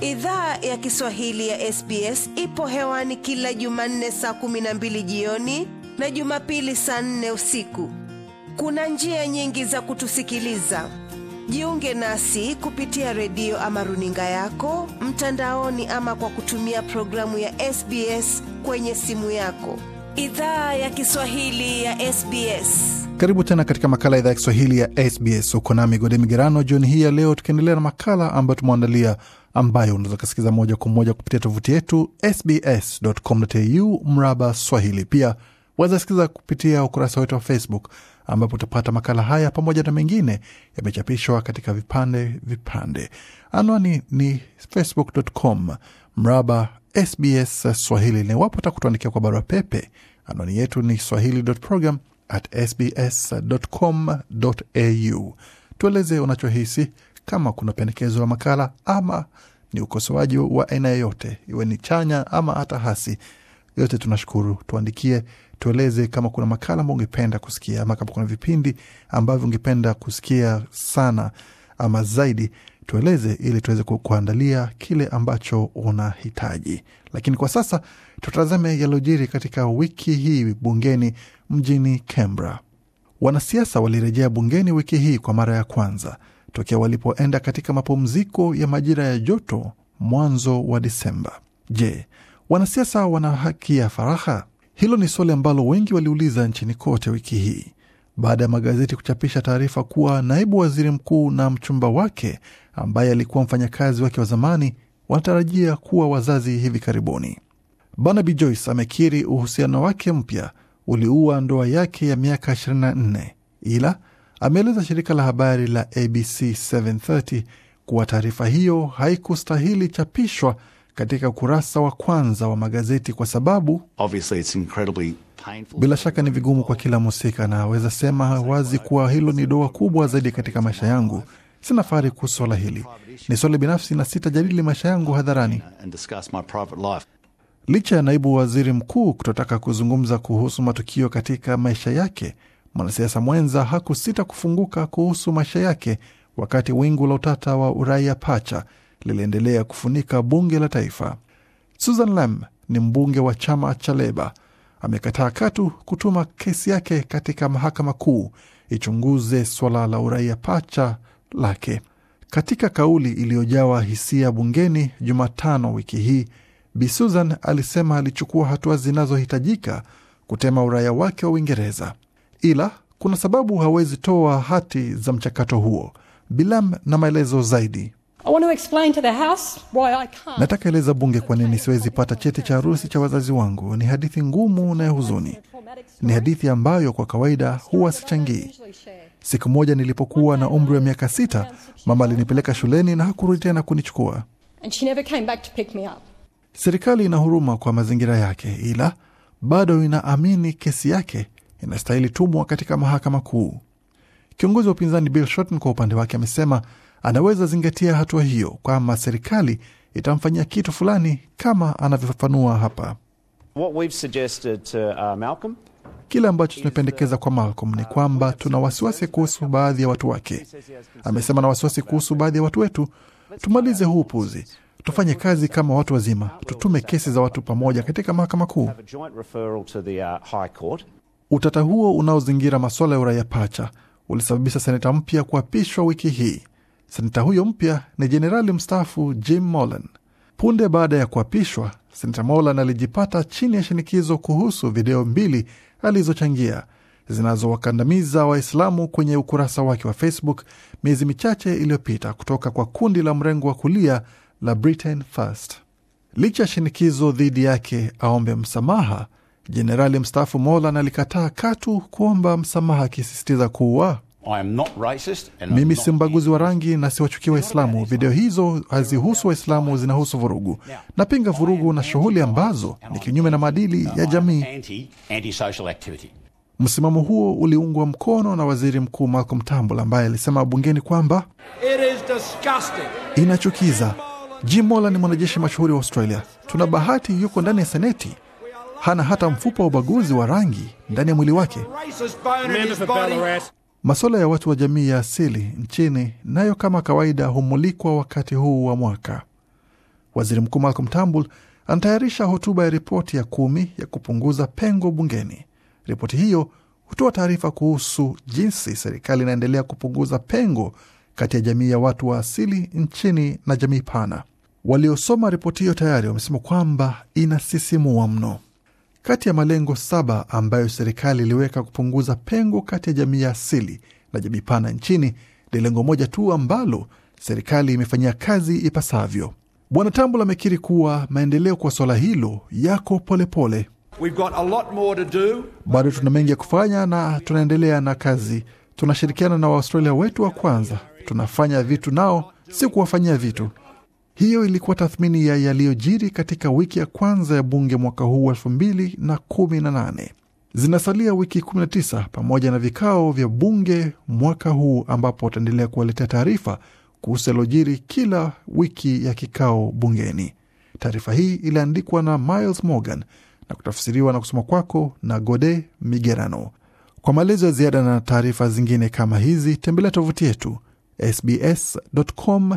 Idhaa ya Kiswahili ya SBS ipo hewani kila Jumanne saa kumi na mbili jioni na Jumapili saa nne usiku. Kuna njia nyingi za kutusikiliza. Jiunge nasi kupitia redio ama runinga yako mtandaoni, ama kwa kutumia programu ya SBS kwenye simu yako. Idhaa ya Kiswahili ya SBS. Karibu tena katika makala ya idhaa ya Kiswahili ya SBS. Uko na Migode Migerano jioni hii ya leo, tukiendelea na makala ambayo tumeandalia ambayo unaweza kusikiliza moja kwa moja kupitia tovuti yetu sbs.com.au mraba Swahili. Pia waweza sikiliza kupitia ukurasa wetu wa Facebook ambapo utapata makala haya pamoja na mengine yamechapishwa katika vipande vipande. Anwani ni facebook.com mraba SBS Swahili, na iwapo takutuandikia kwa barua pepe, anwani yetu ni swahili.program Tueleze unachohisi kama kuna pendekezo la makala ama ni ukosoaji wa aina yeyote iwe ni chanya ama hata hasi, yote tunashukuru. Tuandikie, tueleze kama kuna makala ambayo ungependa kusikia ama kama kuna vipindi ambavyo ungependa kusikia sana ama zaidi, tueleze ili tuweze kuandalia kile ambacho unahitaji. Lakini kwa sasa tutazame yaliyojiri katika wiki hii bungeni mjini Canberra. Wanasiasa walirejea bungeni wiki hii kwa mara ya kwanza tokea walipoenda katika mapumziko ya majira ya joto mwanzo wa Disemba. Je, wanasiasa wana haki ya faraha? Hilo ni swali ambalo wengi waliuliza nchini kote wiki hii baada ya magazeti kuchapisha taarifa kuwa naibu waziri mkuu na mchumba wake ambaye alikuwa mfanyakazi wake wa zamani wanatarajia kuwa wazazi hivi karibuni. Barnaby Joyce amekiri uhusiano wake mpya uliua ndoa yake ya miaka 24 ila ameeleza shirika la habari la ABC 730 kuwa taarifa hiyo haikustahili chapishwa katika ukurasa wa kwanza wa magazeti kwa sababu bila shaka ni vigumu kwa kila mhusika, na aweza sema wazi kuwa hilo ni doa kubwa zaidi katika maisha yangu. Sina fahari kuhusu swala hili, ni swali binafsi na sitajadili maisha yangu hadharani. Uh, Licha ya naibu waziri mkuu kutotaka kuzungumza kuhusu matukio katika maisha yake, mwanasiasa mwenza hakusita kufunguka kuhusu maisha yake wakati wingu la utata wa uraia pacha liliendelea kufunika bunge la taifa. Susan Lam ni mbunge wa chama cha Leba, amekataa katu kutuma kesi yake katika mahakama kuu ichunguze swala la uraia pacha lake. Katika kauli iliyojawa hisia bungeni Jumatano wiki hii, Bi Susan alisema alichukua hatua zinazohitajika kutema uraia wake wa Uingereza ila kuna sababu hawezi toa hati za mchakato huo. Bilam na maelezo zaidi. Nataka eleza bunge kwa nini siwezi pata cheti cha harusi cha wazazi wangu. Ni hadithi ngumu na ya huzuni, ni hadithi ambayo kwa kawaida huwa sichangii. Siku moja nilipokuwa na umri wa miaka sita, mama alinipeleka shuleni na hakurudi tena kunichukua. Serikali ina huruma kwa mazingira yake, ila bado inaamini kesi yake inastahili tumwa katika mahakama kuu. Kiongozi wa upinzani Bill Shorten kwa upande wake amesema anaweza zingatia hatua hiyo kwamba serikali itamfanyia kitu fulani, kama anavyofafanua hapa. What we've suggested to, uh, Malcolm, kile ambacho tumependekeza kwa Malcolm ni kwamba tuna wasiwasi kuhusu baadhi ya watu wake, amesema, na wasiwasi kuhusu baadhi ya watu wetu. Tumalize huu upuzi, tufanye kazi kama watu wazima, tutume kesi za watu pamoja katika mahakama kuu. Utata huo unaozingira masuala ya uraia pacha ulisababisha seneta mpya kuapishwa wiki hii. Seneta huyo mpya ni jenerali mstaafu Jim Molan. Punde baada ya kuapishwa, seneta Molan alijipata chini ya shinikizo kuhusu video mbili alizochangia zinazowakandamiza Waislamu kwenye ukurasa wake wa Facebook miezi michache iliyopita kutoka kwa kundi la mrengo wa kulia la Britain First. Licha ya shinikizo dhidi yake aombe msamaha, Jenerali mstaafu Molan alikataa katu kuomba msamaha, akisisitiza kuwa mimi si mbaguzi wa rangi na siwachukia Waislamu. Video hizo hazihusu Waislamu, zinahusu vurugu. Napinga vurugu na shughuli ambazo ni kinyume na maadili ya jamii. Msimamo huo uliungwa mkono na waziri mkuu Malcolm Turnbull ambaye alisema bungeni kwamba inachukiza. Jim Molan ni mwanajeshi mashuhuri wa Australia. Tuna bahati yuko ndani ya Seneti hana hata mfupa wa ubaguzi wa rangi ndani ya mwili wake. Masuala ya watu wa jamii ya asili nchini nayo kama kawaida humulikwa wakati huu wa mwaka. Waziri Mkuu Malcolm Tambul anatayarisha hotuba ya ripoti ya kumi ya kupunguza pengo bungeni. Ripoti hiyo hutoa taarifa kuhusu jinsi serikali inaendelea kupunguza pengo kati ya jamii ya watu wa asili nchini na jamii pana. Waliosoma ripoti hiyo tayari wamesema kwamba inasisimua mno. Kati ya malengo saba ambayo serikali iliweka kupunguza pengo kati ya jamii ya asili na jamii pana nchini ni lengo moja tu ambalo serikali imefanyia kazi ipasavyo. Bwana Tambul amekiri kuwa maendeleo kwa swala hilo yako polepole. Bado tuna mengi ya kufanya na tunaendelea na kazi. Tunashirikiana na Waaustralia wetu wa kwanza, tunafanya vitu nao, si kuwafanyia vitu. Hiyo ilikuwa tathmini ya yaliyojiri katika wiki ya kwanza ya bunge mwaka huu elfu mbili na kumi na nane. Zinasalia wiki 19 pamoja na vikao vya bunge mwaka huu ambapo wataendelea kuwaletea taarifa kuhusu yaliyojiri kila wiki ya kikao bungeni. Taarifa hii iliandikwa na Miles Morgan na kutafsiriwa na kusoma kwako na Gode Migerano. Kwa maelezo ya ziada na taarifa zingine kama hizi, tembelea tovuti yetu sbs.com.au